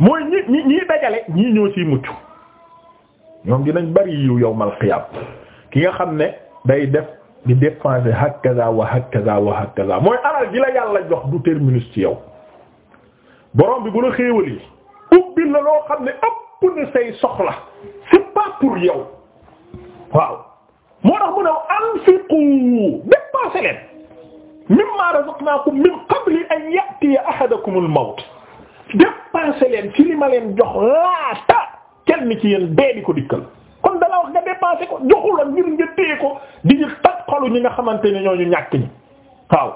mooy ñi ñi ñii dajale ñii ñoo ciy mucc ñoom dinañ bari yiw yawmal qiyaam ki nga xam ne day def di dépenser hakaza wa hakaza wa hakaza mooy alal ji yàlla jox du terminus ci yow borom bi bu la xéewal yi la loo xam ne ëpp na say soxla c'est pas yow waaw moo tax mu ne anfiqu dépenser leen mimma razaqnaakum min qabli an ya'tiya ahadakumul mawt dépensé leen ci li ma leen jox laata kenn ci yéen dee di ko dikkal kon dala wax nga dépensé ko joxu la ngir nga ko di ñu ñi nga xamante ne ñu ñàkk ñi waaw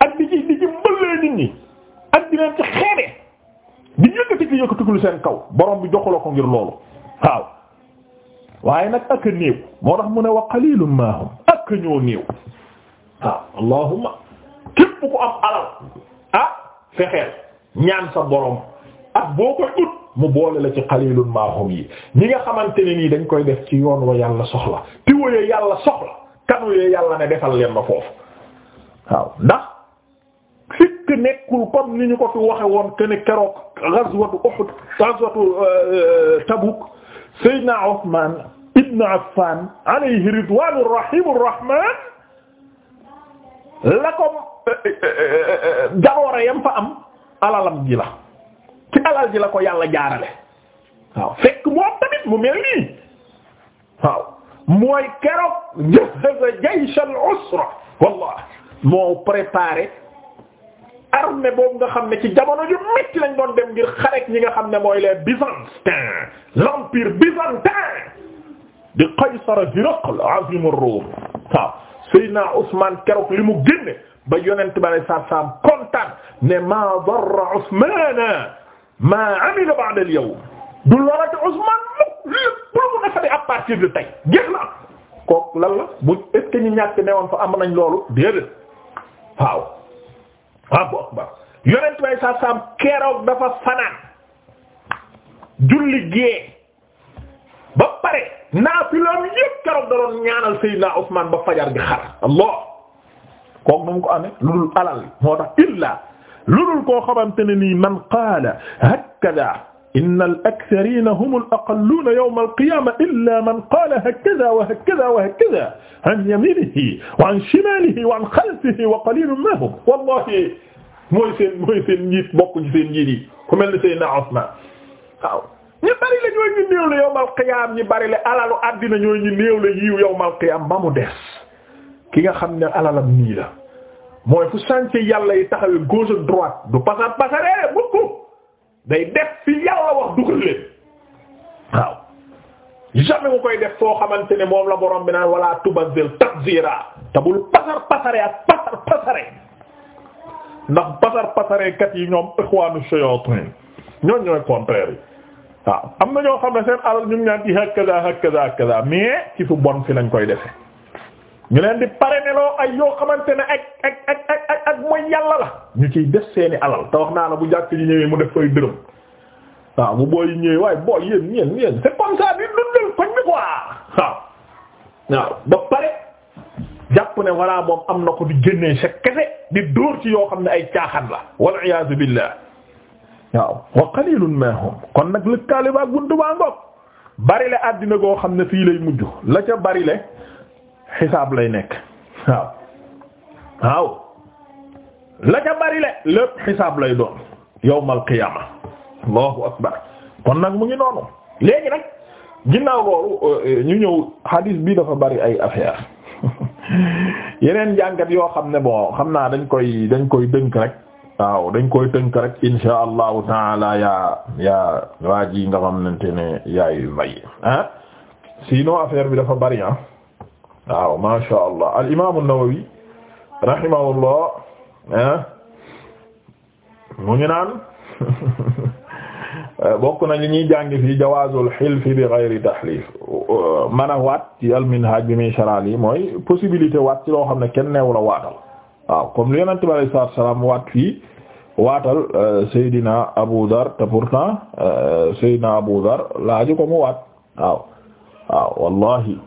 ak di ci mbëllee nit ñi ak di leen ci xeebe di yëkkati ki yëkkatikul seen kaw borom bi joxula ko ngir loolu waaw waaye nag ak a néew moo tax mu ne wa qalilun ma hum ak ñoo néew waaw allahumma képp ku am alal ah fexeel ñaan sa borom ak boo koy ut mu boole la ci xalilun maahum yi ñi nga xamante ni nii dañ koy def ci yoon wa yàlla soxla tiwoyee yàlla soxla kanuye yàlla ne defal leen ma foofu waaw ndax fikk nekkul comme ni ñu ko fi waxe woon que ne keroog ghazwatu Uhud ghazwatu euh, euh, Tabuk Seydina Ousmane Ibn Affan alayhi ridwaanu rahimu rahmaan la ko euh, jaloore yam fa am alalam ji la ci alal ji la ko yàlla jaarale waaw fekk tamit mu mel nii mooy keroog jahaza jaysh al usra wallah moo préparé armée boobu nga xam ne ci jamono ju metti lañ doon dem ngir xarek ñi nga xam ne mooy les byzantins l'empire byzantin di qaysar hiraql azim ar-rum waaw Seydina Ousmane keroog li mu génne ba yonent bi alei saatu salaam kontaan ne maa darra Usmaana maa amila ba'da al-yawm du lorati Usmaan lu lépp lu mu defaree à partir de tey jeex na kooku lan la bu est ce que ñu ñàkk newoon fa am nañ loolu déedéet waaw waaw ah, boo ba yonent bi alei saatu salaam keroog dafa fanaan julli gée ba pare naafilaam yépp keroog da doon ñaanal Seydina Usmaan ba fajar gi xar Allah kooku nu mu ko amee lu dul alal moo tax illa lu dul koo xamante ne nii man qaala hakada inna al aktharina hum al aqalluna yawm al qiyama illa man qaala hakada wa hakada wa hakada an yaminihi wa an shimalihi wa an xalfihi wa qalilun ma hum wallahi mooy seen mooy seen njiit bokk ci seen njiit yi ku mel ni Seydina Usman waaw ñu bari la ñooy ñu néew la yawm al qiyam ñu bari la alalu addina ñooy ñu néew la yiw yawm al qiyam ba mu des ki nga xam ne alalam nii la mooy fu sànce yàlla yi taxawee gauche droite du pasar pasaree eh, bukku day def fi yàlla wax dugal leen waaw jamais mu koy def foo xamante ne moom la borom bi naan wala tubazzir tabzira te bul pasar pasaree ak pasar pasaree ndax pasar pasaree kat yi ñoom ikhwanu shayatin ñooñ ñooy contraire yi waaw am na ñoo xam ne seen alal ñu ngi ñaan ci hakaza hakaza hakaza mais ci fu bon fi lañ koy defe ñu leen di pareneloo ay yoo xamante ne ak ak ak mooy yàlla la ñu ciy def seeni alal te wax naa la bu jàkk ji ñëwee mu def koy dërëm waaw bu booy ñëwee waaye booy yéen yéen yéen c'est comme ça di dundal koñ bi quoi waaw waaw ba pare jàpp ne walla moom am na ko di génnee sa kese di dóor ci yoo xam ne ay caaxaan la wal iyaazu billah waaw wa qalilun ma kon nag lëkkaale baa gunt baa ngoog bari le àddina goo xam ne fii lay mujj la ca bari le xisaab lay nekk waaw waaw la ca bari le lépp xisaab lay doon yawmal qiyaama allahu akbar kon nag mu ngi noonu léegi nag ginnaaw loolu euh, ñu ñëw hadis bi dafa bari ay affaire yeneen jàngat yoo xam ne bon xam naa dañ koy dañ koy dënk rek waaw dañ koy dënk rek insha allahu taala yaa yaa waa ji nga xamante ne yaayu may ah sinon affaire bi dafa bari ah waaw ma sha allah al imam an ah, ngi naan bokk na li ñuy jàng fii jawaazul hilfi bi ghayri tahlif man a waat al-Minhaj bi muy charal mooy possibilité waat ci loo xam ne kenn neewu la waatal waaw comme lu yonent bi salaam waat fii waatal euh, Seydina Abu Dar te pourtant euh, Seydina Abu Dar laaju ko mu waat waaw waaw wallahi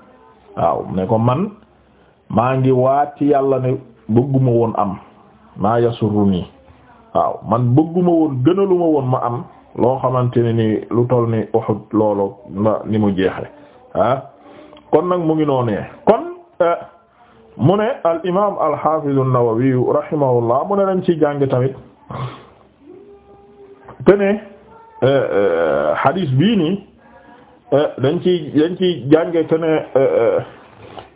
waaw ne ko man maa ngi waat ci yàlla ne bëgguma woon am maa yasuru nii waaw man bëgguma woon gënaluma woon ma am loo xamante ne ni lu toll ni Uhud loolu ni mu jeexe ah. kon nag mu ngi noonee kon eh, mu ne al imaam al xaafiz an-Nawawi rahimahullah mu ne dañ ciy jàng tamit te ne eh, eh, bii nii Eh, dañ ci dañ ci jànge que ne eh, eh,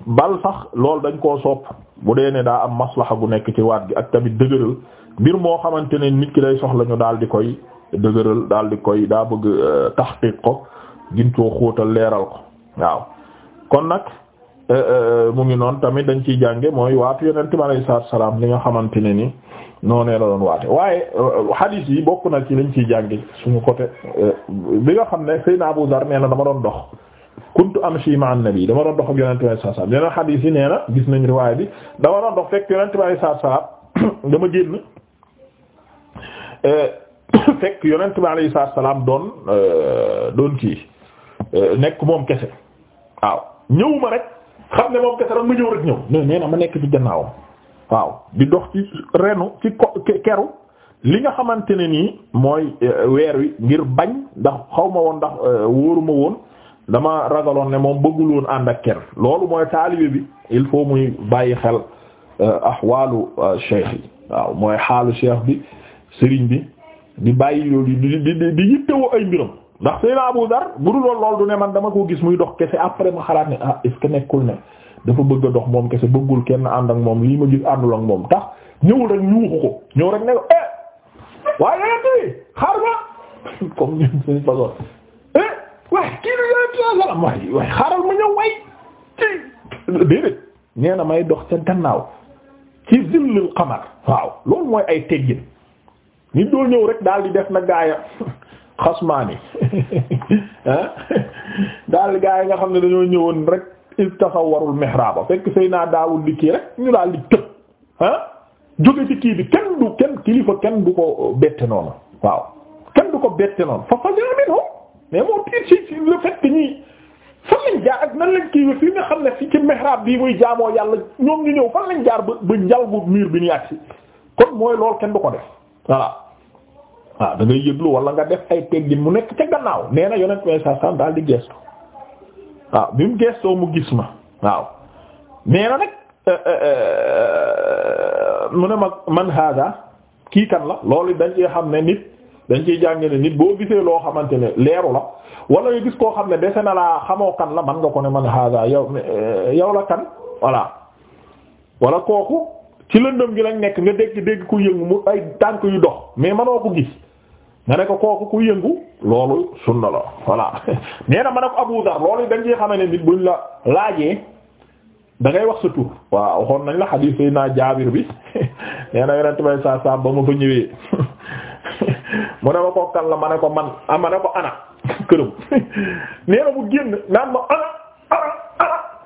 bal sax loolu dañ koo sopp bu dee ne daa am maslaxa gu nekk ci waat gi ak tamit dëgëral mbir moo xamante ne nit ki day soxla ñu daal di koy dëgëral daal di koy daa bëgg taxqiq ko gin coo xóotal leeral ko waaw kon nag Eh, eh, eh, mu ngi noonu tamit dañ ciy jànge mooy waatu yonent bi alayhi salaatu salaam li nga xamante ne ni noonu la doon waate waaye hadith yi bokk na ci lañ ciy jànge suñu côté bi nga xam ne Seydina Abu Dar nee na dama doon dox kuntu amshi ma'a an-nabi dama doon dox ak yonent bi alayhi salaatu salaam yeneen hadith yi nee na gis nañ riwaay bi dama doon dox fekk yonent bi alayhi salaatu salaam dama génn fekk yonent bi alayhi salaatu salaam doon doon kii nekk moom kese waaw ñëwuma rek. xam ne moom kese rek mu ñëw rek ma nekk ci gannaawam waaw di dox ci renu ci ko keru li nga xamante ne nii mooy euh, weer wi ngir bañ ndax xaw ma woon ndax euh, wóoruma woon dama ragaloon ne moom bëggul woon ànd ak ker loolu mooy taalibe bi il faut muy bàyyi xel euh, ahwaalu cheikh yi waaw mooy xaalu cheikh bi sëriñ bi di bàyyi loolu di di di yittewoo ay mbiram. ndax Seydina Abu Dar bu dul lool du ne man dama koo gis muy dox kese après ma xalaat ne ah est-ce que nekkul ne dafa bëgg a dox moom kese bëggul kenn ànd ak moom lii ma gis àndul ak moom tax ñëwul rek ñuuxu ko ñëw rek ne may dox ca gannaaw ci zillul qamar waaw loolu mooy ay teggin nit doo ñëw rek daal di def na gaaya xasmaani ah? daal gaa yi nga xam ne dañoo ñëwoon rek istafawarul mihraaba fekk sëy naa daawul di kii rek ñu daal di tëb ah jóge ci kii bi kenn du kenn kilifa kenn du ko bette noonu waaw kenn du ko bette noonu fa fajaa minhum mais moo tiit ci ci ñii fan lañ jaar ak nan lañ kii fii nga xam ne fi ci mihrab bii muy jaamoo yàlla ñoom ñu ñëw fan lañ jaar ba ba njal bu miir bi ñu agsi kon mooy loolu kenn du ko def voilà waaw da ngay yëglu walla nga def ay teggin mu nekk ca gannaaw nee na yonent may sa san daal di gestu waaw bi mu gestoo mu gis ma waaw nee na nag euh, euh, euh, mu ne ma man hada kii kan la loolu dañ ci xam ne nit dañ ciy jàng ne nit boo gisee loo xamante ne leeru la wala yu gis koo xam ne dese na laa xamoo kan la man nga ko ne man hada yow yow la kan voilà wala kooku ci lëndëm gi lañ nekk nga dégg dégg ku yëngu mu ay tànk yu dox mais manoo ko gis nga ne ko kooku ku yëngu loolu sunna la voilà nee na ma ne ko Abu Dar loolu dañ ci xamee ne nit buñ la laajee da wax sa tur waaw waxoon nañ la xadiis yi naa jaabir bi nee na yonent ma fa ñëwee mu ne ma ko kan la ko man ah ma ne ko ana këram nee génn naan ma ana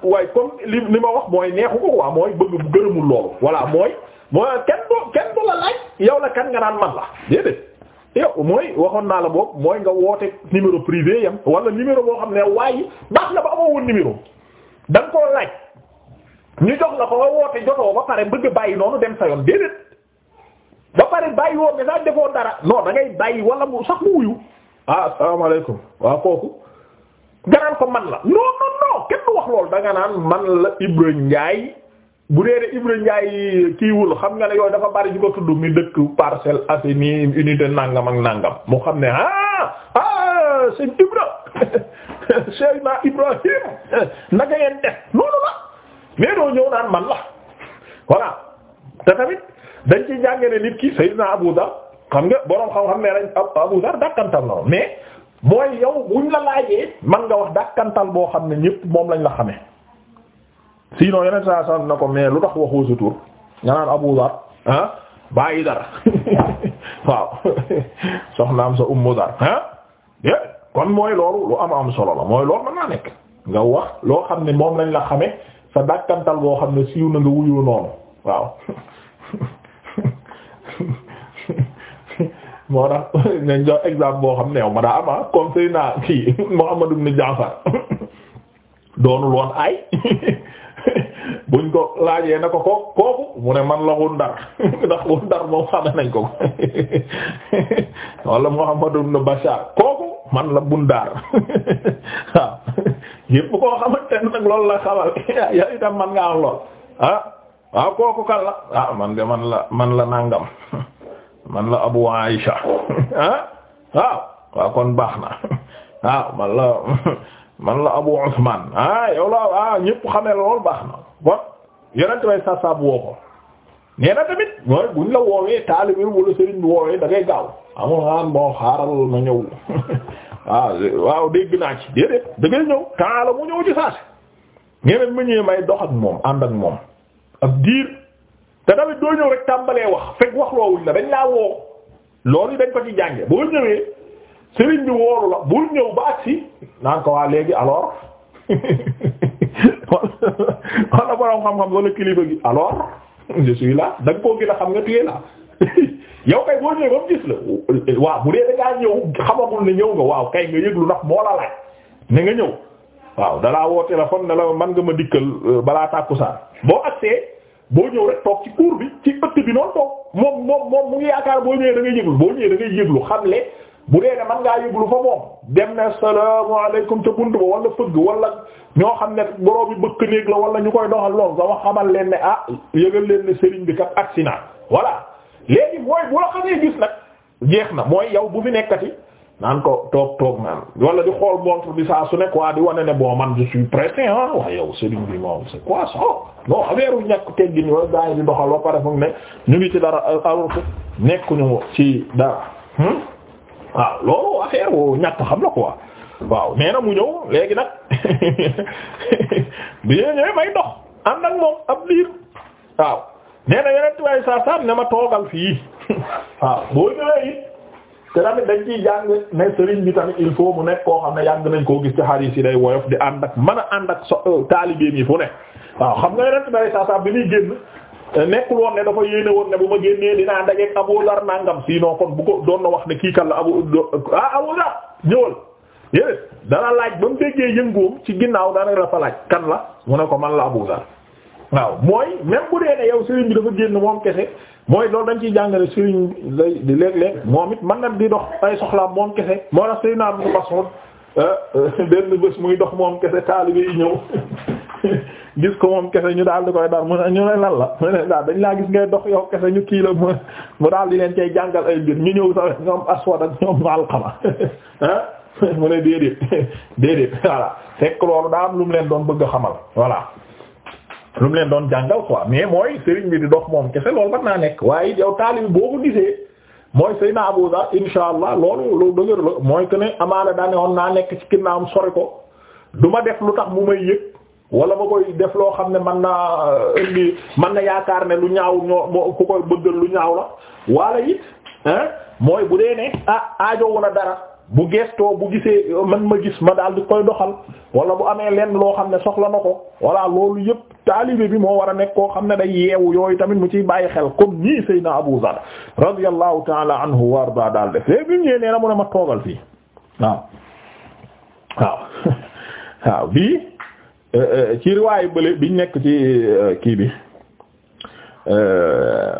waaye comme li li ma wax mooy neexu ko waaw mooy bëgg gërëmul loolu voilà mooy mooy kenn du kenn du la laaj yow la kan nga naan man la déedéet yow eh, mooy waxoon naa la boobu mooy nga woote numéro privé yam wala numéro boo xam ne waaye baax na ba amoo woon numéro koo laaj ñu jox la ko nga woote jotoo ba pare bëgg bàyyi noonu dem sa yoon déedéet ba pare bàyyi woo message defoo dara non da ngay bàyyi wala mu sax mu wuyu ah asalaamaaleykum waaw kooku ganaan ko man la non non non kenn du wax loolu da naan man la Ibrahima Ndiaye bu dee de Ibra Ndiaye kiiwul xam nga ne yooyu dafa bari ñu ko tudd mi dëkk Parcelles Assainies unité nangam ak nangam mu xam ne ah ah sëñ Ibra Seydina Ibrahim naka ngeen def noonu la mais doo ñëw naan man la voilà te tamit dañ ci jànge ne nit ki Seydina Abu Dar xam nga borom xam-xam ne dañ Abu Dar dàkkantal na mais mooy yow buñ la laajee man nga wax dàkkantal boo xam ne ñépp moom lañ la xamee. sinon yeneen saa sant na ko mais lu tax waxoo sa tur nga naan Abu Dar ah bàyyi dara waaw soxnaam sa ummu Dar ah eh, kon mooy loolu lu am am solo la mooy loolu mën naa nekk nga wax loo xam ne moom lañ la xamee sa dàkkantal boo xam ne siiw na nga wuyoo noonu waaw moo tax nañ jox exemple boo xam ne yow ma daa ama ah, comme sëy naa kii Muhammad ibn Jaafar doonul woon ay buñ ko laajee na ko ko kooku mu ne man la Gundar ndax Gundar moom xame nañ ko wala Muhammad ibn Bashar kooku man la Bundar waaw yépp koo xamante ne nag loolu la xamal yaa itam man nga lool ah waaw kooku kan la ah man de man la man la nangam man la Abu Aisha ah waaw waaw kon baax na waaw man la man la Abu Usman ah yow la ah ñëpp xamee loolu baax na bon yonent bay sasab woo ko nee na tamit mooy buñ la woowee taalibe wala sëriñ bi woowee da ngay gaaw amul naan ah, moo xaaral na ñëw waaw ah, waaw dégg naa ci déedéet da ngay ñëw taala mu ñëw ci saas ñeneen ma ñëwee may dox ak moom ànd ak moom ak diir te tamit doo ñëw rek tàmbalee wax fekk wax loowuñ la dañ laa woo loolu dañ ko ci jànge boo ñëwee sëriñ bi wóoru la bul ñëw ba agsi naan ko waa léegi alors wala borom xam-xam wala kilifa gi alors je suis là da koo gën a xam nga tuyee la yow kay boo ñëwee ba gis la waaw bu dee da ngaa ñëw xamagul ne ñëw nga waaw kay nga yëglu ndax moo la laaj ne nga ñëw waaw dalaa woo téléphone na la man nga ma dikkal euh, balaa tàkkusaan boo agsee boo ñëw rek toog ci cour bi ci ëtt bi noonu toog moom moom moom mu ngi yaakaar boo ñëwee da ngay yëglu boo ñëwee da ngay yëglu bu dee ne man ngaa yëglu fa moom dem ne salaamu alaykum ca bunt ba wala fëgg walla ñoo xam ne borom bi bëkk néeg la wala ñu koy doxal lool sama xamal leen ne ah yëgal leen ne sëriñ bi kat agsi naa voilà léegi mooy bu la xamee gis nag jeex na mooy yow bu fi nekkati naan ko toog toog naan wala di xool montre bi saa su nekk waa di wane ne bon man je suis pressé ah waaye yow sëriñ bi moom c'est quoi ça non affaire u ñàkk teggin yooyu gaa yi di doxal waaw loolu affaire wu ñàkk xam na quoi waaw nee na mu ñëw léegi nag bi ñëwee may dox ànd ak moom ab liir waaw nee na yeneen tubaab yi saa saa ne ma toogal fii waaw boo ñëwee it te tamit dañ ciy jàng ne sëriñ bi tamit il faut mu nekk koo xam ne yàgg nañ koo gis ci xarit yi day woyof di ànd ak mën a ànd ak so euh, taalibeem yi fu ne waaw xam nga yeneen tubaab saa saa bi muy génn. Euh, nekkul woon ne dafa yéene woon ne bu ma génnee dinaa dajeeg Abu Dar nangam sinon kon bu ko doon na wax ne kii kan la Abu ah Abu ñëwal yéen dana laaj ba mu déggee yëngoom ci ginnaaw dana la fa kan la mu ne ko man la Abu Dar waaw mooy même bu dee ne yow sëriñ bi dafa génn moom kese mooy loolu dañ ciy jàngale sëriñ lay di léeg-léeg moom it man na di dox ay soxlaam moom kese moo tax naa Ibn Mas'ud euh, euh, benn bés muy dox moom kese taalibe ñëw. gis ko moom kese ñu daal di koy dar mu ne ñu ne lan la mu dañ laa gis ngay yow kese ñu kii la mu daal di leen cay jàngal ay mbir ñu ñëw sax ñoom aswad ak ñoom alqama ah mu ne déedéet déedéet leen doon bëgg a xamal voilà lu mu doon jàngal quoi mais mooy bi di dox moom kese loolu naa nekk waaye yow taalibi boo ko gisee mooy Seydina Abu Dhar allah loolu mooy que ne amaana daa naa nekk ci ginnaawam sori ko du ma def lu tax mu may yëg wala ma koy def loo xam ne man naa euh, indi man na yaakaar ne lu ñaaw ñoo ku koy bëggal lu ñaaw la wala it ah mooy bu dee ne ah aajo na dara bu gestoo bu gisee man ma gis ma daal di koy doxal wala bu amee lenn loo xam ne soxla na ko wala loolu yëpp taalibe bi moo war a nekk koo xam ne day yeewu yooyu tamit mu ciy bàyyi xel comme nii Seydina Abu Zar radiyallahu taala anhu wa arda daal def léegi ñëwee nee na mu ne ma toogal fii waaw waaw waaw bii. ci riwaayu bële biñ nekk ci euh, kii bi euh,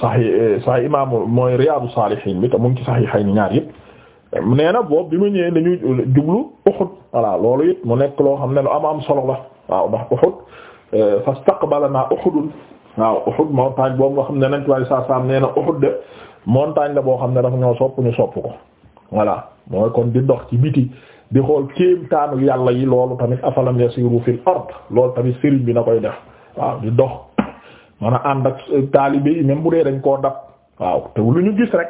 sax yi euh, sahih imaamu mooy riyaadu saalihiin bi te mu ngi ci sahihayn ñaar yëpp nee na boobu bi mu ñëwee dañuy jublu Uhud voilà loolu it mu nekk loo xam ne lu am am solo la waaw ndax Uhud fastaqbalanaa Uhudun waaw Uhud montagne boobu nga xam ne nañ tubaab saa saam nee na Uhud de montagne la boo xam ne dafa ñoo sopp ñu sopp ko voilà mooy kon di dox ci biti. di xool kéemtaanu yàlla yi loolu tamit afalam yasiru fil ard loolu tamit sëriñ bi na koy def waaw di dox man a ànd ak taalibe yi même bu dee dañ koo dab waaw te lu ñu gis rek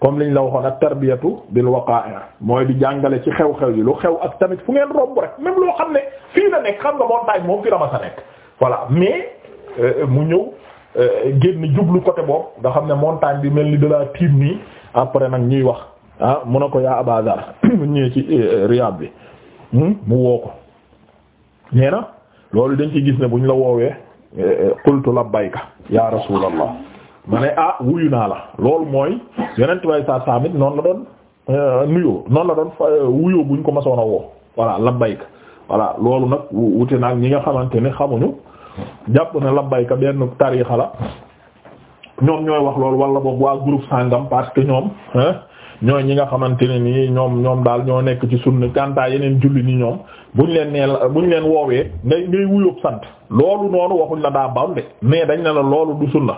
comme liñ la waxoon ak tarbiyatu bil waqa'i mooy di jàngale ci xew-xew yi lu xew ak tamit fu ngeen romb rek même loo xam ne fii la nekk xam nga montagne moom fi la ma sa nekk voilà mais euh, mu ñëw euh, génn jublu côté boobu nga xam ne montagne bi mel ni de la tiim nii après nag ñuy wax ah mu ne ko yaa Aba Dhar mu ci eh, eh, Riyad bi hmm, mu woo ko nee na loolu dañ ci gis ne bu ñu la woowee eh, qultu labbayka ya rasulallah ma ne ah wuyu naa la loolu mooy yeneen tubaab saa saa mit noonu la doon nuyoo noonu la doon wuyoo buñ ko masoon a woo voilà labbayka voilà loolu nag wute naag ñi nga xamante ne xamuñu jàpp na labbayka benn tariixa la ñoom ñooy wax loolu wala boog waa groupe sangam parce ñoom. ñooy ñi nga xamante ne nii ñoom ñoom daal ñoo nekk ci sunna kantaa yeneen julli ni ñoom bu ñu leen nee ñu leen woowee ngay ngay wuyób sant loolu noonu waxuñ la daa baw de mais dañ ne la loolu du sunna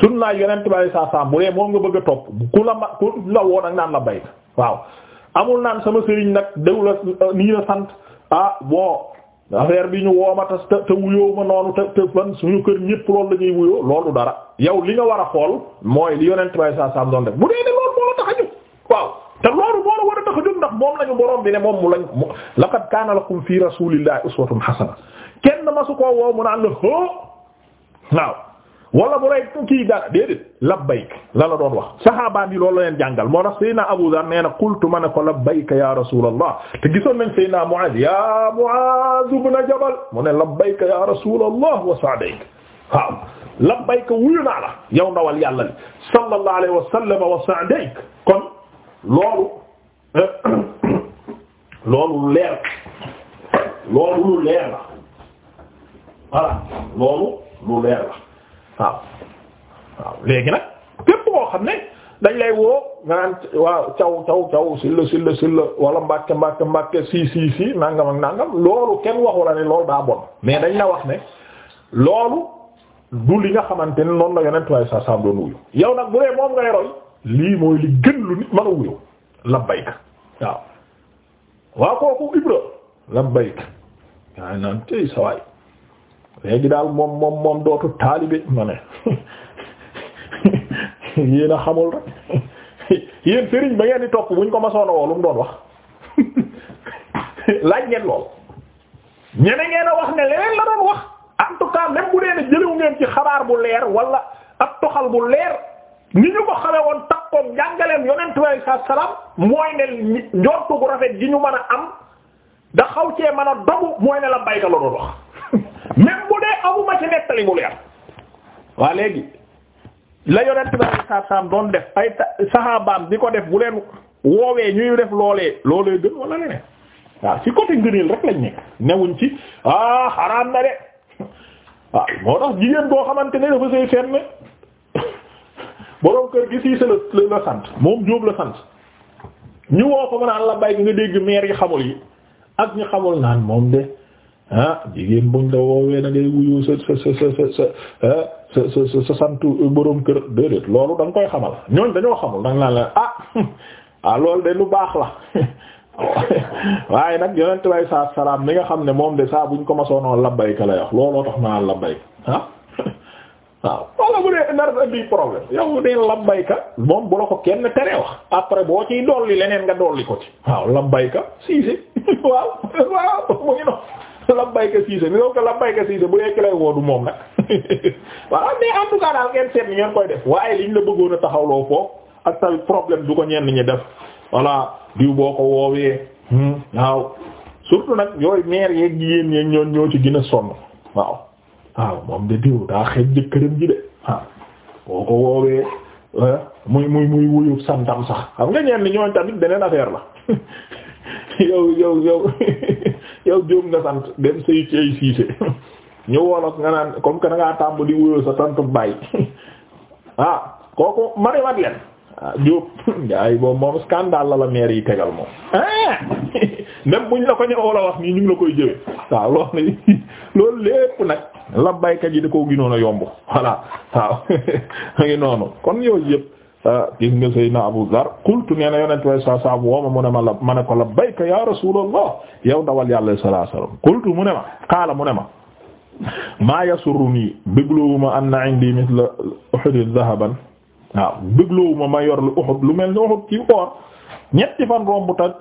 sunna yonent bi saa saa bu dee moo nga bëgg a topp ku la ma ku la woon ak naan la bay waaw amul naan sama sëriñ nag déw la nii la sant ah bon affaire bi ñu wooma te te wuyoo ma noonu te te fan suñu kër ñëpp loolu la ñuy wuyoo loolu dara yow li war a xool mooy li yonent bi saa saa doon bu moom lañu borom bi ne moom mu lañ laqad kaana lakum fi rasulillahi uswatun hasana kenn masu koo woo mu naan la hoo waaw wala bu lay kii dara déedéet labbayk la la doon wax saxaabaan yi loolu la leen jàngal moo tax Seydina Abu Dharr nee na qultu ma ne ko labbayka ya rasulallah te gisoon nañ Seydina Muaz ya Muaz ibn Jabal mu ne labbayka ya rasulallah wa sa'dayk waaw labbayka wuyu naa la yow ndawal yàlla li sallallahu alayhi wa sallam wa sa'dayk kon loolu loolu leer loolu lu leer la voilà loolu lu leer la waaw léegi nag képp koo xam ne dañ lay woo nga naan waaw caw caw caw silla silla silla wala mbàkke mbàkke mbàkke sii sii si nangam ak nangam loolu kenn waxu la ne loolu daa bon mais dañ la wax ne loolu du li nga xamante ne noonu la yonent waaye sa sam doon wuyu yow nag bu dee moom ngay roy lii mooy li gën lu nit mën a wuyu labbayk waaw waaw kooku ibra labbayk yaa naan tey sawaay léegi daal moom moom moom dootu taalibe ma ne yéen a xamul rek yéen sëriñ ba ngeen di topp buñ ko masoona woo lu mu doon wax laaj ngeen lool ñene ngeen a wax ne leneen la doon wax en tout bu dee ne jëliw ngeen ci xabaar bu leer walla ab toxal bu leer ni ñu ko xamee woon takkoog jàngaleem yonent bi alayhi salaatu salaam mooy ne njortu gu rafet gi ñu mën a am da xaw cee mën a dogu mooy ne la bayka la doon wax même bu dee amuma ci nettali mu leer waa léegi la yonent bi alayhi salaatu salaam di ko def bu leen woowee ñuy def loolee loolee gën wala leneen waaw ci côté ngëneel rek lañ nekk newuñ ci ah xaraam na de waaw moo tax jigéen boo xamante ne dafa sëy fenn borom kër gi siise la la sant moom Jóob la sant ñu woo ko mën a la bay nga dégg meer yi xamul yi ak ñu xamul naan moom de ah jigéen buñ la woowee da ngay ah, sa sa sa sa santu borom kër déedéet loolu da nga koy xamal ñooñ dañoo xamul da nga naan la ah, ah loolu de lu baax la waaye nag yonent bay saa salaam mi nga xam ne moom de saa buñ ko masoonoo labbayka lay wax looloo tax ma labbayka ah. waaw wala bu dee nar bi problème yow de labbayka moom bu la ko kenn tere wax après boo ciy dolli leneen nga dolli ko ci waaw labbayka siise waaw waaw mu ngi noonu labbayka siise ni ko labbayka siise bu yekk lay woodu moom nag voilà mais en tout cas daal ngeen seet ni ngeen koy def waaye liñ la bëggoon a taxawloo foofu ak tamit problème du ko ñeen ñi def voilà diw boo ko woowee hmm, waaw surtout nag yooyu maire yeeg jigéen ñeeg ñoon ñoo ci gën a sonn waaw waaw moom de diw daa xeeñ jëkkëram ji de waaw boo ko woowee eh, muy muy muy wuyu santam sax xam nga ñeen ni ñooñ tamit beneen affaire la yow yow yow yow nga sant dem say ci ay siise ñu woolak nga naan comme que da ngaa tàmb di wuyoo sa tantu bàyyi ah kooku mari mat leen ah Diop gars boobu moom scandale la la maire tegal moom ah! même buñ la ko ñëw la wax nii ñu la koy jëwee waaw loolu lépp nag labbayka ji da koo ginoon a yomb voilà waaw a ngi noonu kon yooyu yëpp ah, gis nga Seydina Abu Dhar qultu nee na yonent way sa saab wooma mu ne ma la ma ne ko labbayka ya Rasulullah yow dawal yàlla sallallahu alayhi wasallam qultu mu ne ma qaala mu ne ma maa yasurruni bégloowuma an na indi mithla Uhud dhahaban waaw bégloowuma ma yor lu Uhud lu mel ni Uhud ci or ñetti fan romb ta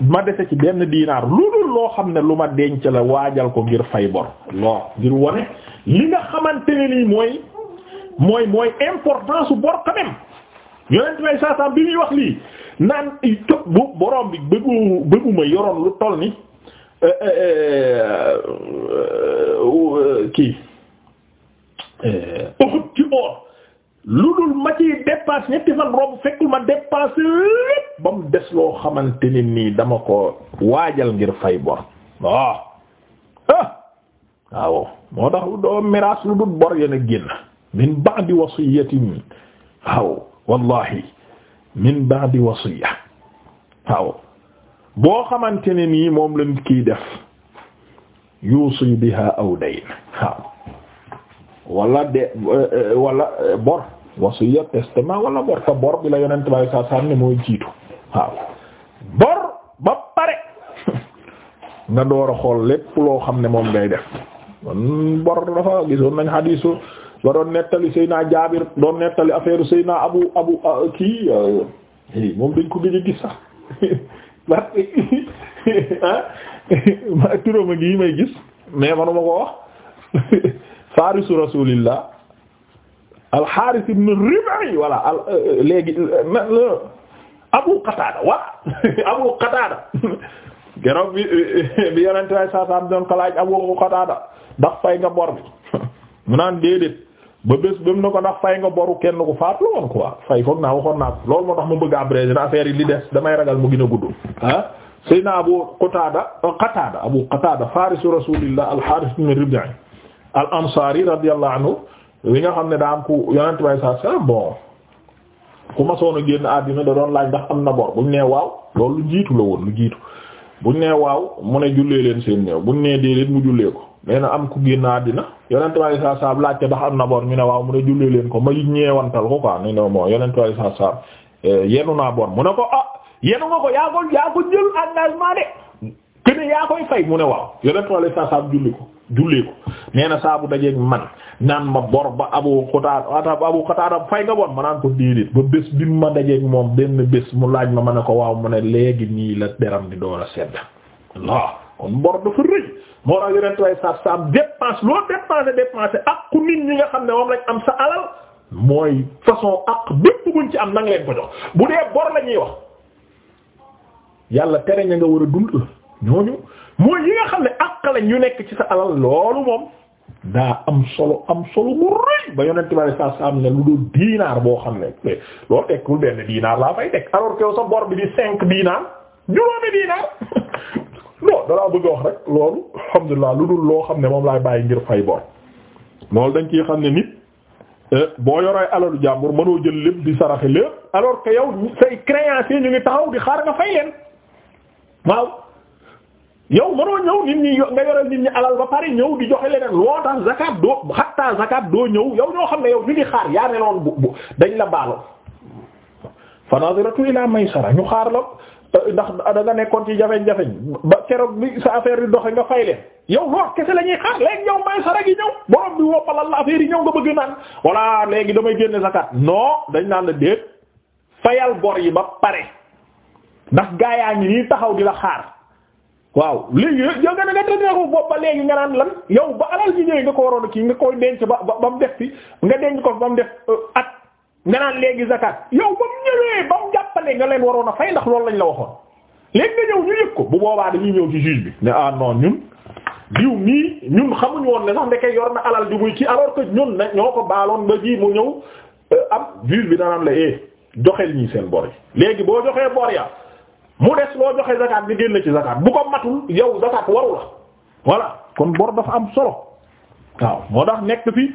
ma dese ci benn diinaar lu dul loo xam ne lu ma denc la waajal ko ngir fay bor loo ngir wone li nga xamante ne nii mooy mooy mooy importance bu bor quand même yonent may saasaam bi muy wax lii naan cop bu borom bi bëggu bëgguma yoroon lu toll ni euh, euh, euh, kii oxut ci oor lu dul ma ci ñetti fan rob fekkul ma dépasse lépp ba mu des loo xamante ni nii dama ko waajal ngir fay bor waaw ah. ah waaw moo tax doo miraas lu dul bor yéen a génn min ba'di wasiyatin waaw wallahi min ba'di wasiya waaw boo xamante ne nii moom la nit kiy def yuusi biha aw dayn wala de euh, euh, wala euh, bor wasiya testament wala bor te bor bi la yonent bay saa saa ne mooy jiitu waaw bor ba pare nga door a xool lépp loo xam ne moom ngay def bor dafa gisoon nañ xadiisu ba doon nettali Seyna Jaabir doon nettali affaire naa Abu Abu kii eh, moom dañ ko gëj a gis sax ah, turam a ngi may gis mais manuma ko wax farisu rasulillah alxaaris ibn Rib'i voilà euh, euh, léegi euh, Abu Qatada wa Abu Qatada keroog bi bi yonente way saasaam doon ko laaj Abu Qatada ndax fay nga bor bi mu naan déedéet ba bés ba mu ne ko ndax fay nga boru kenn ko faatu woon quoi fay foog naa waxoon naa ko moo tax mu bëgg abréger affaire yi li des damay ragal mu gën a gudd ah Abu Qatada Qatada Abu Qatada farisu rasulillah alxaaris ibn Rib'i al ansari radiyallahu anhu li nga xam ne daa am ku yonent bi saa bon ku ma soon a génn àddina da doon laaj ndax am na bor bu ñu nee waaw loolu jiitu la woon lu jiitu bu ñu nee waaw mu ne jullee leen seen néew bu ñu nee déedéet mu jullee ko nee na am ku génn àddina yonent bi saa laaj laajte ndax am na bor ñu ne waaw mu ne jullee leen ko ma ñeewantal ko quoi ñu ne moo yonent bi saa salaam eh, yenu naa bor mu ne ko ah yenu nga ko yaa ko yaa ko jël engagement de que ne yaa koy jullee ko nee na saa man naan ma bor ba abu Qataada ah, abu Qataada fay nga bon ma naan ko déedéet ba bés bi ma dajeeg moom benn bés mu laaj ma ma ne ko waaw mu ne léegi nii la deram di door a sedd waaw kon bor dafa rëy moo tax yeneen tray dépense loo dépensé dépensé ak nit ñi nga xam ne moom lañ am sa alal mooy façon ak bépp buñ ci am nang leen ko jox bu dee bor la wax yàlla tere nga war a dund ñooñu mooy yi nga xam ne àq la nekk ci sa alal loolu moom daa am solo am solo mu rëy ba yonent bari saa saa am ne lu dul diinaar boo xam ne loolu tekkul benn diinaar laa fay teg alors que sa bor bi di cinq diinaar juróomi diinaar non loolu lu dul loo xam ne moom laay bàyyi ngir fay bor dañ ciy xam ne nit euh, boo yoree alalu jàmbur mënoo jël lépp di saraxe lépp alors que yow say créanciers ñu ngi taxaw di xaar nga fay leen waaw. yow mënoo ñëw nit ñi nga yoral nit ñi alal ba pare ñëw di joxe leneen loo tax zakat doo xattaa zakat doo ñëw yow ñoo xam ne yow ñu ngi xaar yaa ne noonu bu bu dañ la baalo fa nadiratu ila maysara ñu xaar la euh, ndax da nga nekkoon ci jafeñ-jafeñ ba keroog bi sa affaire yi doxe nga fay leen yow lool kese la ñuy xaar léegi yow maysara gi ñëw borom bi woppalal la affaire yi ñëw nga bëgg naan walla léegi damay génne zakat non dañ naan la déet fayal bor yi ba pare ndax gaa yaa ngi taxaw di la xaar waaw léegi yow nga bopp ba léegi nga naan lan yow ba alal ji ñëwee nga ko waroon kii nga koy denc ba ba mu def fi nga denc ko ba mu def euh, at nga naan léegi zakat yow ba mu ñëwee ba mu jàppale nga leen waroon a fay ndax loolu lañ la waxoon léegi nga ñëw ñu yëg ko bu boobaa dañuy ñëw ci juge bi ne ah non ñun diw mii ñun xamuñu woon ne sax ndeke yor na alal ju muy ci alors que ñun na ñoo ko baaloon ba jii mu ñëw euh, am juge bi danaan la eh joxel ñii seen bor léegi boo joxee bor ya mu des loo joxe zakat bi génn ci zakat bu ko matul yow zakat waru la voilà kon bor dafa am solo waaw moo tax nekk fi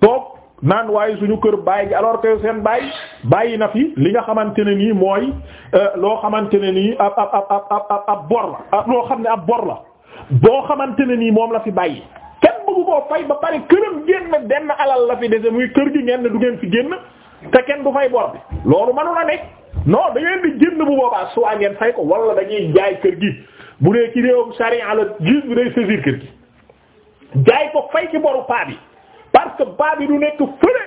toog naan waaye suñu kër bàyyi ji alors que seen bàyyi bàyyi na fi li nga xamante ne nii mooy euh, loo xamante ne nii ab ab ab ab ab bor la loo xam ne ab bor la boo xamante ne nii moom la fi bàyyi kenn bëggu koo fay ba pare këram génn benn alal la fi dese muy kër gi ngeen du ngeen fi génn te kenn du fay bor bi loolu mënu la nekk non da ngeen di génn bu boobaa soit ngeen fay ko wala dañuy jaay kër gi bu dee ci réewum charia la juge bi day saisir kër gi jaay ko fay ci boru paa bi parce que paa bi du nekk fële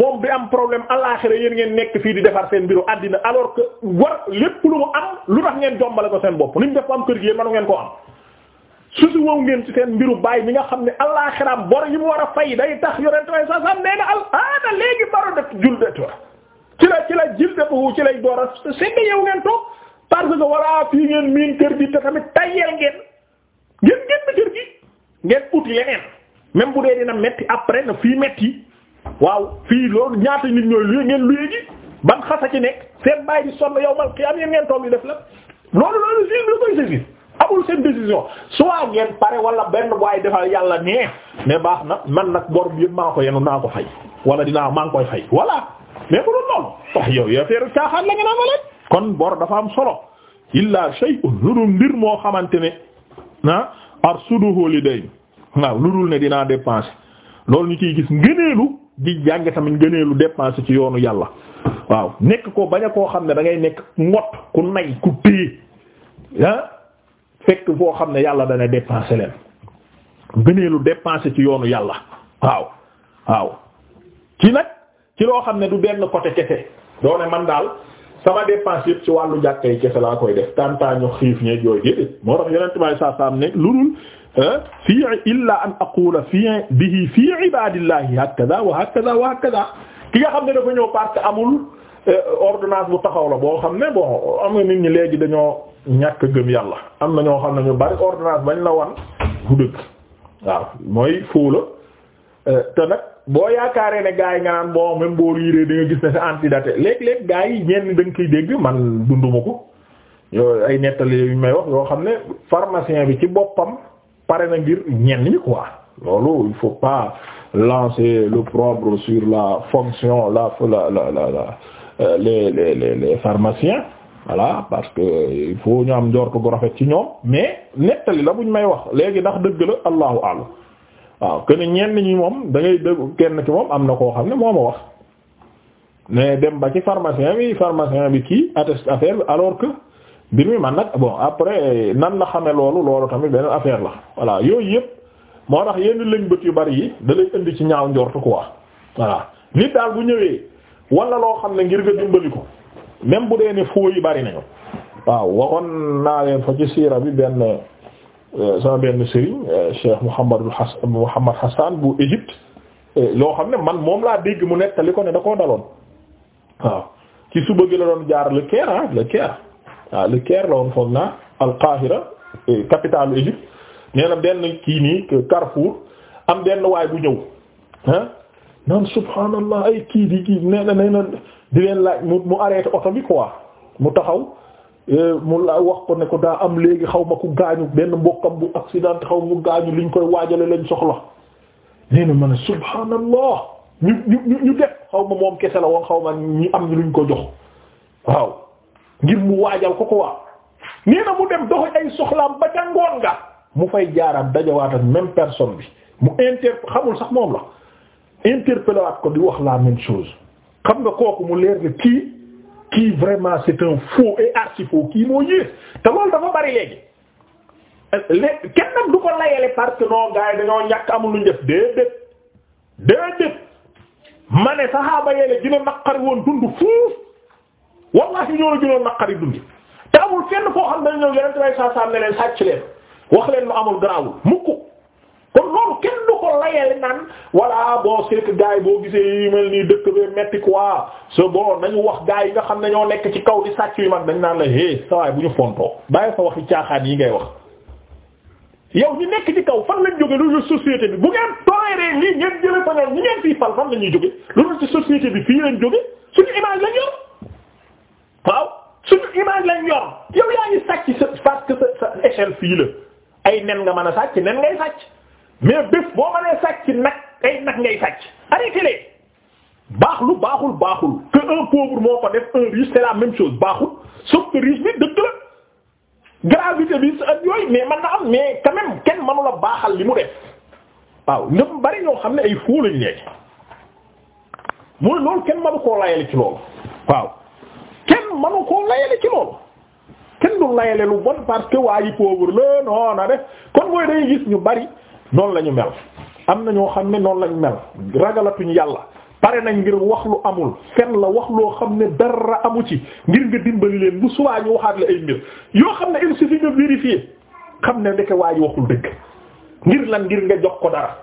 moom bi am problème àllaxira yéen ngeen nekk fii di defar seen mbiru àddina alors que war lépp lu mu am lu tax ngeen jombale ko seen bopp ni mu def ko am kër gi yéen manu ngeen koo am su si wow ngeen ci seen mbiru baay mi nga xam ne àllaxiraam bor yi mu war a fay day tax yore sa sam nee na al léegi baro def jul ci la ci la jildatuhu ci lay door a sedd yow ngeen toog parce que voilà fii ngeen miin kër gi te tamit tayyeel ngeen ngeen génn kër gi ngeen uti leneen même bu dee dina metti après na fii metti waaw fii loolu ñaata nit ñooy luy ngeen luy gi ban xasa ci ne seen bàyyi di sonn yow mal xiyaam yéen ngeen toog yi def la loolu loolu juge la koy saisir amul seen décision soit ngeen pare wala benn waaye defal yàlla nee mais baax na man nag bor bi yëpp yenu naa ko wala dinaa maa ngi koy fay voilà mais bu dul noonu yow feeru caaxaan la nga naan wala kon bor dafa am solo illa shay'un lu dul mbir moo xamante ne ah arsuduhu li day waaw lu dul ne dinaa dépenser loolu ñu ciy gis ngëneelu di jàng tamit ngëneelu dépenser ci yoonu yàlla waaw nekk ko bañ koo xam ne da ngay nekk ngot ku ku téye ah fekk xam ne yàlla dana dépenser leen ngëneelu dépenser ci yoonu yàlla waaw waaw nag ci loo xam ne du benn côté kese doo ne man daal sama dépense yëpp ci wàllu jàkkay kese laa koy def tanta ñu xiif ñeeg yooyu déedéet moo tax yeneen tubaab saa saa am ne lu dul fii illa an aqula fii bihi fii ibadillahi hakaza wa hakaza wa hakaza ki nga xam ne dafa ñëw parce que amul euh, ordonnance bu taxaw la boo xam ne bon am nga nit ñi léegi dañoo ñàkk gëm yàlla am na ñoo xam ne ñu bari ordonnance bañ la wan bu waaw mooy fóola Euh, te nag boo yaakaaree ne gars yi nga naan bon même boo riiree da nga gis ne sa antidaté léeg-léeg gars yi ñenn da nga koy dégg man dunduma ko yooyu ay nettali yu may yoo xam ne pharmacien bi ci boppam pare na ngir ñenn ñi quoi loolu il faut pas lancer la fonction la la euh, les les les voilà parce que il ñu am njort gu rafet ci ñoom mais la buñ may wax léegi ndax dëgg la allahu a'lam waaw que ñenn ñi moom da ngay kenn ki moom am na koo xam ne moo ma wax mais dem ba ci pharmacien bi pharmacien bi kii atteste affaire bi alors que mbir mi man nag bon après nan la xamee loolu loolu tamit beneen affaire la voilà yooyu yëpp moo tax yenn lëñbët yu bari yi da indi ci ñaaw njort quoi voilà nit daal bu ñëwee walla loo xam ne ngir nga dimbali ko même bu dee ne foo yi bari nañu waaw waxoon naa leen fa ci siira bi benn. sama benn sëriñ Cheikh Mouhamadou Hassan bu Égypte loo xam ne man moom laa dégg mu nettali ko ne da koo daloon waaw ci suba gi la doon jaar le Caire ah le Caire waaw le Caire la woon foog naa Al-Qahira eh, capitale Égypte nee benn kii nii Carrefour am benn waay bu ñëw ah naan subhaanallah ay kii di kii nee na di leen laaj mu mu arrêté oto bi quoi mu taxaw. Euh, mu la wax ko ne ko daa am léegi xaw ma ku gaañu benn mbokkam bu accident xaw mu gaañu liñ koy waajale lañ soxla nee na ma ne subhaanallah ñu ñu ñu def xaw ma moom kese la woon xaw ma ñi am ñu luñ ko jox waaw ngir mu waajal ko ko waa nee mu dem doxi ay soxlaam ba jàngoon nga mu fay jaaraat dajawaat ak même personne bi mu inter xamul sax moom la interpellé ko di wax laa même chose xam nga kooku mu leer ne kii. kii vraiment c'est un faux et archi faux kii moo yées te loolu dafa bari léegi le kenn nag du ko layale parce que non gars dañoo ñàkk amul lu ñu def déedéet déedéet ma ne saxaaba yele dina naqari woon dund fuuf wallahi ñoo la gënoon naqari dund te amul kenn koo xam dañ ñëw yeneen traçage saa ne leen sàcc leen wax leen lu amul garaawul mukk kon loolu ko layel nan voilà bon c'est que gars yi boo gisee yu mel nii dëkk bi metti quoi c'est bon nañu wax gars yi nga xam ne ñoo nekk ci kaw di sàcc yu mag dañ naan la hé sawaay bu ñu fontoo bàyyi sa waxi caaxaan yi ngay wax yow ñu nekk ci kaw fan lañ jóge lu bi bu ngeen toléré lii ngeen jële fa ngeen ñi ngeen fal fan ñuy jóge lu dul ci bi fii lañ jóge suñu image lañ yor waaw suñu image lañ yor yow yaa ngi sàcc sa parce sa sa fii la ay nen nga mën a sàcc nen ngay sàcc mais bés boo mënee sàcc nag ay nag ngay sàcc arrêté leen baax lu baaxul baaxul que un pauvre moo ko def un riche c'est la même chose baaxul sauf que riche bi dëgg la gravité bi sa ak yooyu mais man na am mais quand même kenn mënu la baaxal li mu def waaw nga bari ñoo xam ne ay foo lañ nekk mooy loolu kenn mënu koo layale ci loolu waaw kenn mënu koo layale ci loolu kenn du layale lu bon parce que waa yi la non def kon mooy day gis ñu bari. noonu la ñu mel am na ñoo xam ne noonu lañu mel ragalatuñu yàlla pare nañ ngir wax lu amul fenn la wax loo xam ne dara amu ci ngir nga dimbali leen bu subaa ñu waxaat la ay mbir yoo xam ne il suffit de vérifier xam ne ndeke waa ji waxul dëgg ngir lan ngir nga jox ko dara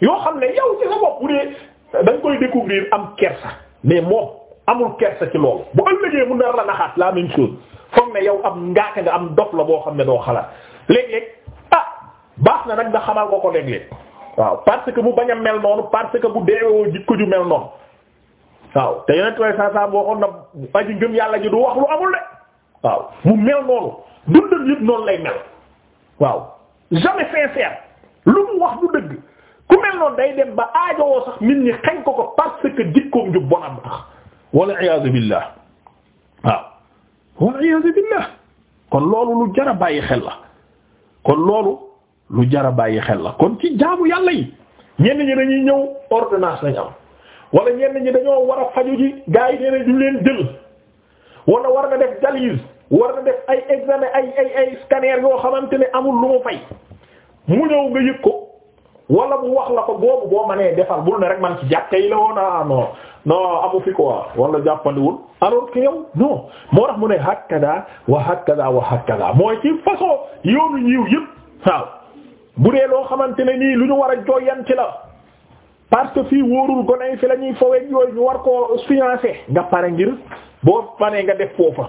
yoo xam ne yow ci sa bopp bu dee dañ koy découvrir am kersa mais moom amul kersa ci loolu bu ëllëgee mun na la naxaat la même chose foog ne yow am ngaaka nga am dof la boo xam ne doo xalaat léeg baax na nag nga xamal ko ko léeg-léeg waaw parce que bu bañ a mel noonu parce que bu deewoo jikko ju mel noonu waaw te yeneen way sa sa waxoon na aji ngëm yàlla ji du wax lu amul de waaw mu mel noonu dundal yëpp noonu lay mel waaw jamais sincère lu mu wax du dëgg ku mel noonu day dem ba aajowoo sax nit ñi xañ ko ko parce que jikkoom ju bon am tax walla iyaazu billaah waaw walla iyaazu billaah kon loolu lu jara bàyyi xel la kon loolu lu jara bàyyi xel la kon ci jaamu yàlla yi ñenn ñi dañuy ñëw ordinance lañ am wala ñenn ñi dañoo war a faju ji gars yi nee leen jël wala war na def dialyse war na def ay examen ay ay scanner yoo xamante ne amul lu mu fay mu ñëw nga yëg ko wala bu wax la ko boobu boo mënee defal bul ne rek man ci jàkka yi la woon ah non non amu fi quoi wala jàppalewul alors que yow non moo tax mu ne hakada wa hakada wa hakada mooy ci façon yoonu ñiw yëpp bu dee loo xamante ne nii lu ñu war a jooyanti la parce que fii wóorul gone yi fi la ñuy foweeg yooyu ñu war koo financé nga pare ngir boo paree nga def foofa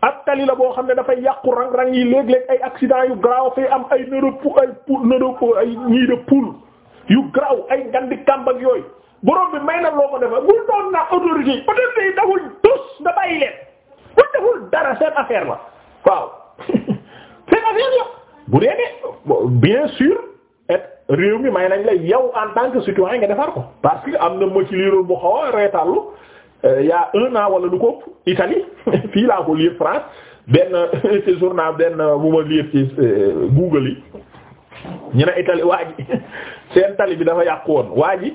ab tali la boo xam ne dafay yàqu rang-rang yi léeg-léeg ay accident yu garaaw fay am ay nëdëpu ay pu nëdëpu ay ñii de poule yu garaaw ay ngandi kàmb ak yooyu borom bi may na loo ko defee bul doon naa autorité yi autorité yi daful tus nga bàyyi leen bu deful dara seen affaire ma waaw seen affaire la bu dee ne bien sûr et réew mi may nañ la yow en tant que citoyen nga defar ko parce que am na ma ci liiroon bu xaw a reetallu euh, y'a un an wala lu ko Italie fii laa ko lire France benn ci journal benn bu ma lire ci euh, Google yi ñu ne Italie waa ji seen tali bi dafa yàqu woon waa ji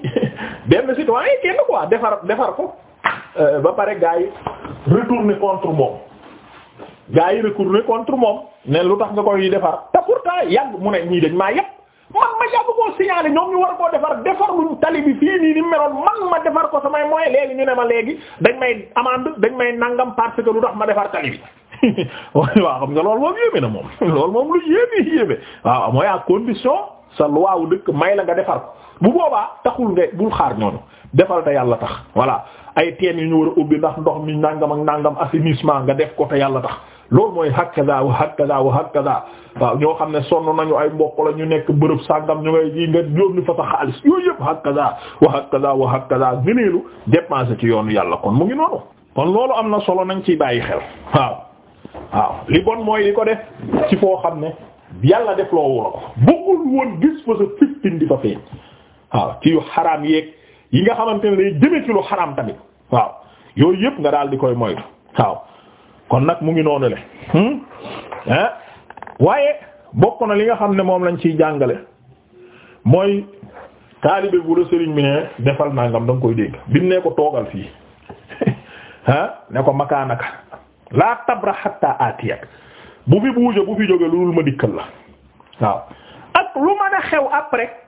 benn citoyen kenn quoi defar defar ko euh, ba pare gars yi retourner contre moom gaa yi recours contre moom ne lu tax nga koy defar te pourtant yàgg mu ne ñii dañ maa yépp man ma yàgg koo signalé ñoom ñu war koo defar defar luñ tali bi fii nii ni meloon man ma defar ko samay mooy léegi ñu ne ma léegi dañ may amende dañ may nangam parce que lu tax ma defar tali bi waaw xam nga loolu moom yéeme na moom loolu moom lu yéeme yéeme waaw mooy à condition sa loi wu dëkk may la nga defar ko bu boobaa taxul nga bul xaar ñooñu defal te yàlla tax voilà ay teen yu ñu war a ubbi ndax ndox mi nangam ak nangam assainissement nga def ko te yàlla tax loolu mooy hakaza wa hakaza wa hakaza waaw ñoo xam ne sonn nañu ay mbokk la ñu nekk bërëb sàngam ñu ngay ji nga yónni fa sa xaalis yooyu yëpp hakaza wa hakaza wa hakaza gëneelu dépenser ci yoonu yàlla kon mu ngi noonu kon loolu am na solo nañ ciy bàyyi xel waaw waaw li bon mooy li ko def ci foo xam ne yàlla def loo wula ko bëggul woon gis fa sa fiftin di fa feeñ waaw ci yi nga xamante ne day jëme ci tamit waaw yooyu yëpp nga daal di koy moytu waaw kon nag mu ngi noonu le hmm? eh? waaye bokk na li nga xam ne moom lañ ciy jàngale mooy taalibe bu la sëriñ bi ne defal nangam da nga koy dégg bi mu ne ko toogal fii ah ne ko makaanaka laa tabra hatta atiyak bu fi buuje bu fi jóge loolu ma dikkal la waaw ak lu mën a xew après